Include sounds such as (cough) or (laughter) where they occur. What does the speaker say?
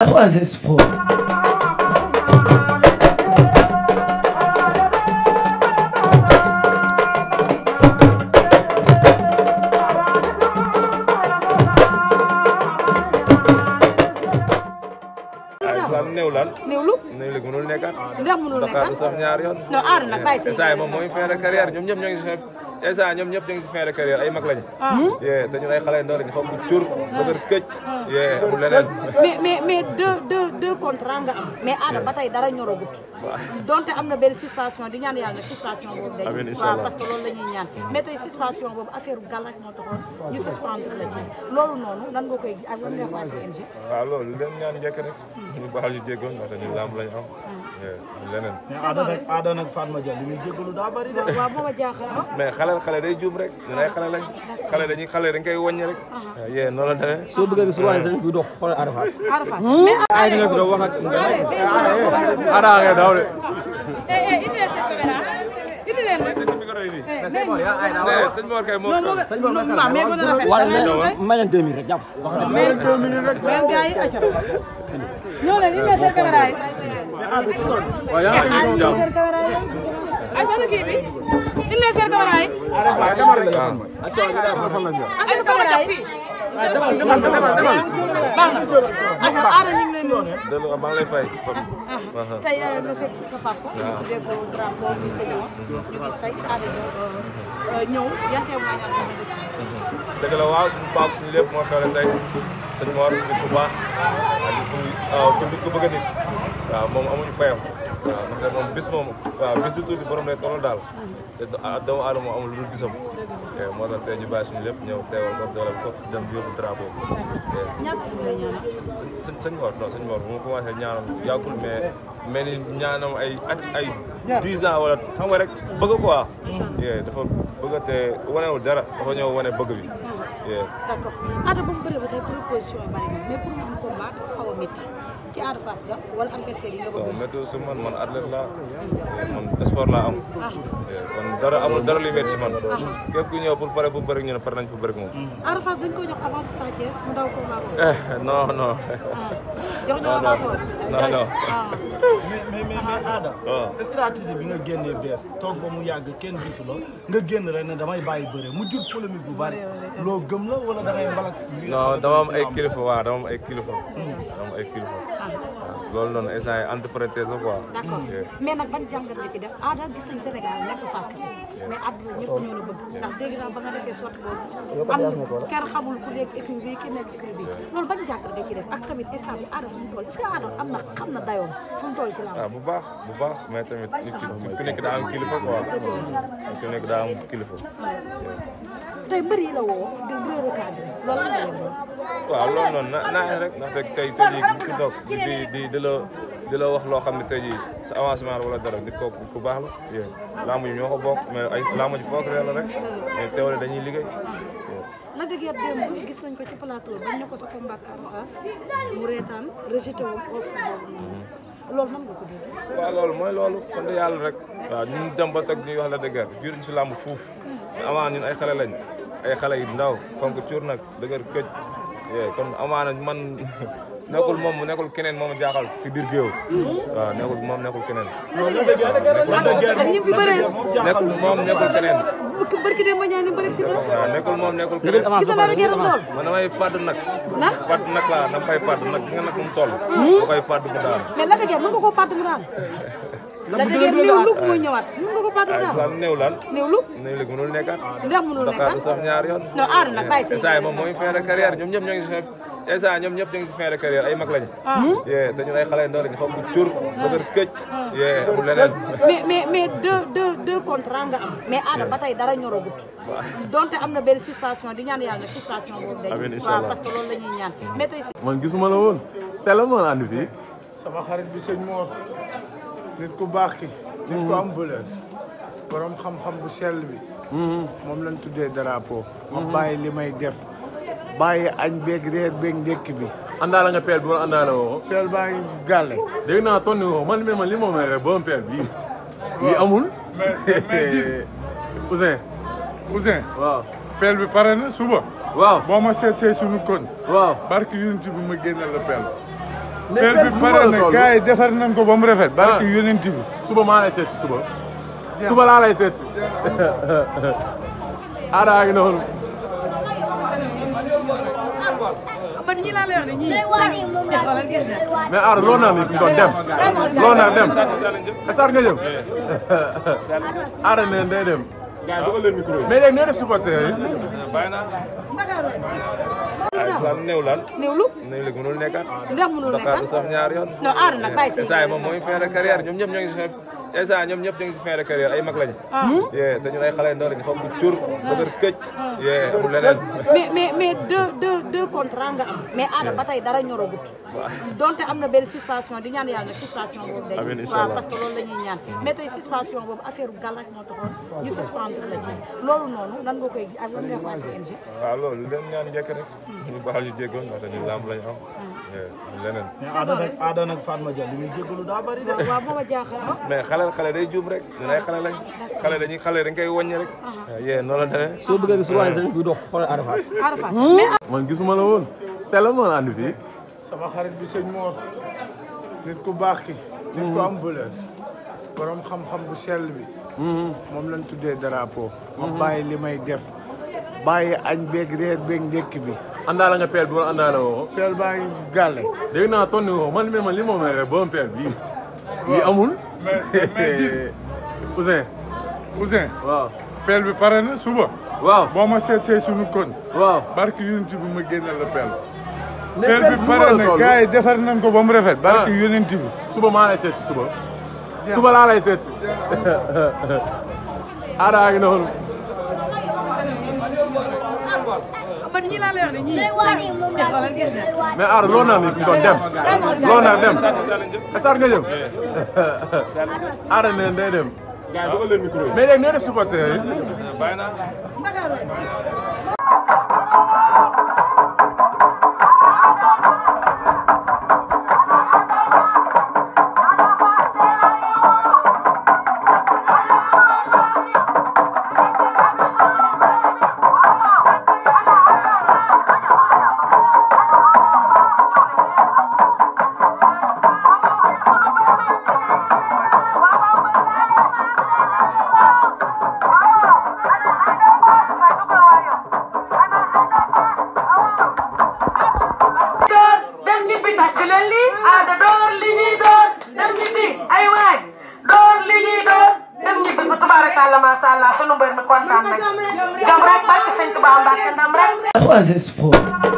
That was his fault. néewlu néewlu mënul nekkaat. ndax mënul nekkaat sax ñaar yoon. non aar nag bàyyi say. saa yi moom mooy fin de carrière ñoom ñëpp ñoo ngi dèjà ñoom ñëpp ñu ngi si fin de carrière ay mag lañu. Ah. Hmm? yee te ñun ay xale yu ndaw lañu xaw ma cuur. dëgër këj. yee amul leneen. mais mais mais deux deux deux contrat nga am mais aada ba tey dara ñoragut donte am na benn suspension di ñaan yàlla ne suspension boobu dañ waaw parce que loolu ñaan boobu affaire gàllaaj moo loolu noonu nan nga koy gi ak lan nga wax CNG waaw loolu leen ñaan ñu baal ñu jéggoon ndax ñu lamb lañ am hmm. leneen mais aada nag mais xale xale day juum rek ñun ay xale lañ xale dañuy xale dañ koy wàññi rek uh-huh. yee noonu la demee soo bëggee gis roi des arènes buy dox xool Ada Fass wax ak ada ke dawde sëñ Mor kay moo ma leen deux minutes rek jàpp si ñoo leen indi seen caméra yi waaw yaa ngi indi seen caméra yi ay sonu kii bi indi seen caméra yi maa ngi lay fay. Ah, ah. tey euh, nga fekk si sa papa. waaw tuddee ko drapeau bi sa ñëw. ñu gis tey aada euh, euh, ñëw yan témoignage ñaar ñoo des. dëgg la waaw suñu papa suñu lépp moo xewle tey sëñ Mor nit ku baax ak nit ku bëgg nit. waaw moom amuñu fayam waaw ndax nag moom bis moom waaw bis du tuuti borom lay tolloo daal te ah, doomu aadama amul lu dul bisam moo tax tey ñu bàyyi suñu lépp ñëw teewal ko doolal ko dem yóbbu drapeau sëñ sëñ Mor non sëñ Mor bu ma commencé ñaanam yàggul mais mais ni ñaanam ay at ay dix ans wala xam nga rek bëgg quoi dafa bëgg te wanewul dara dafa ñëw wane bëgg bi d'accord Ada bu mu bëree ba tey proposition yi bari na mais pour mu am combat dafa xaw a métti ci Ada Fass la wala adversaire yi nga bëgg a. météo su man man athlète laa man sport laa am. Ah. kon dara amul dara luy métti man. Ah. képp ku ñëw pour pare bu bëri ñu ne pare nañ ko bëri moom. Mm. Ada Fass dañ ko jox avance Sa Thiès mu daw combat boobu. Eh, non ah. non. jox ñu avance non non. mais mais mais Ada. stratégie bi nga génnee bees toog ba mu yàgg kenn gisu la nga génn rek ne damay bàyyi bëre mu jur polémique bu bari. gëm la wala da ngay mbalak non dama am ay kilifa waaw dama am ay kilifa dama am ay kilifa ah, lool noonu instant yi entreprenariat la quoi. nag ban jàngat def ah daal gis nañu Sénégal nekk Fass kese ku nekk équipe bi kenn nekk équipe bi loolu ban jàngat ak tamit instant bi aada fu mu toll est ce que aada am na dayoon fu mu toll ci ah, bu baax bu baax mais tamit nit nekk daa am kilifa quoi ku nekk daa am kilifa. tey mbër yi la woo di réeru cadre loolu la waaw loolu noonu na naa rek ndax tey tey jii ku la di la wax loo xam ne tey jii sa avancement la wala dara nit ko ku baax la yéen làmb ji ñoo ko bokk mais ay làmb ji foog réer la rek mais teewale dañuy liggéey. la dëgër démb gis nañ ko ci plateau bañ na ko sa combat ak Fass mu reetaan rejeté wu offre boobu loolu nan nga ko dégg. waaw loolu mooy loolu sant yàlla rek. waaw ñun dem ba teg ñuy wax la dëgër biir ñu si làmb fuuf amaa ñun ay xale lañ ay xale yu ndaw comme que cuur nag dëgër këj eh, kon amaana man. (laughs) nekkul moom nekkul keneen moom jaaxal si biir géew. waaw nekkul moom nekkul keneen. waaw nekkul moom nekkul keneen. barki de ma ñaan bëri si la. waaw nekkul moom nekkul keneen. gis naa la gerte lool. man damay padd nag. na padd nag laa dama fay padd nag nga nag mu toll. Hmm? da koy padd mu daal. mais la dëgër mën nga koo padd mu daal. la dëgër néew lu muy ñëwaat mën nga ko padd mu ah, daal. néew lan néew lu. néew lu mënul nekkaat. ndax mënul nekkaat sax ñaar yoon. non aar nag bàyyi sa moom mooy fin de carrière ñoom ñëpp ñoo ngi instant ñoom ñëpp ñu ngi si ay mag lañu. Ah. yee te ñun ay xale ndaw lañu xaw ma cur. Ah. dëgër këj. yee amul leneen. mais mais mais deux nga am. mais Ada ba tey dara ñoragut. waaw am na benn suspension di ñaan yàlla suspension boobu day. amiin incha allah waaw parce la woon teel a fii. sama xarit bi sëñ Mor nit ku baax ki. nit ku am valeur. borom xam-xam bu sell bi. Mm-hmm. moom lañ tuddee drapeau. ma mm-hmm. bàyyi li may def. bàyyi añ beeg reer beeg ndékk bi. àndaale nga peel bi wala àndaale peel baa ngi gàlle. dégg naa tonn woo man man man li moom rek ba peel bii. waaw lii (laughs) waaw peel bi pare na suba. waaw boo ma seet see suñu koñ. waaw barke yonent bi ma génneel peel. mais peel bi pare na defar nañ ko ba mu rafet. barke ah. yonent bi. suba maa lay seet suba. suba laa lay seet si. (laughs) aadaa ngi noonu. man ñii laa lay wax ne ñii. mais Ardo loo naan nii doon dem. loo naan dem Sarr nga jëm. (laughs) Ardo nee day dem. mais léegi ñoo def supporter yi. waaw néew lan. néewlu néewlu mënul nekkaat. ndax mënul nekkaat Dakar du sax ñaar yoon. non Ardo nag bàyyi sa moom mooy fin de carrière ñoom ñëpp ñoo ngi instant ñoom ñëpp ñu ngi ci fin de carrière ay mag lañu. Ah. Hmm? yee te ñun ay xale ndaw lañu xam bu cur bëgër ah. këj. Ah. yee amul leneen. (laughs) mais mais mais deux deux deux contrats nga am mais aada ba tey dara ñoragut. waaw donte am na benn suspension di ñaan yàlla ne suspension boobu day. amiin incha allah waaw parce que loolu la ñuy ñaan mais tey suspension boobu affaire gàllank moo taxoon ñu suspendre la ci loolu noonu nan nga koy ak lan nga wax CNG. waaw loolu lu leen ñaan njëkk rek. Hmm. ñu baaxal ñu jéggoon ndaxte ñun làmb lañu am. Hmm. leneen. mais aada nag aada nag Fatma Dia li muy jéggalu daa bari de. waaw moo ma jaaxal xale xale day juum rek ñun ay xale lañ xale dañuy xale dañ koy wàññi rek yee noonu la demee soo bëggee gis bi dox xool Arafas hmm? man gisuma la woon te la moo andi sama xarit bi sëñ Mor nit ku baax ki nit ku am hmm. valeur borom xam bu sel bi hmm. moom lañ tuddee drapeau ma bàyyi li may def bàyyi añ beeg reer beeg ndékk bi andaala nga peel bi wala àndaala woo peel baa ngi gàlle dégg naa tonni woo man mais man li moom rek borom peel bi lii amul mais mais Dine. (laughs) bi pare na suba. waaw boo ma seet see suñu koñ. waaw barke yonent bi ma génneel la pelle. pelle bi pare na gars defar nañ ko ba mu rafet. barke ah. yonent bi. suba maa lay seet suba. suba laa lay seet si. (laughs) aada ngi man ñii laa lay wax ne ñii. mais Aada loo naan nii doon dem. loo naan dem Sarr nga jëm. Aada ne day dem. Touba Mbacke ndam rek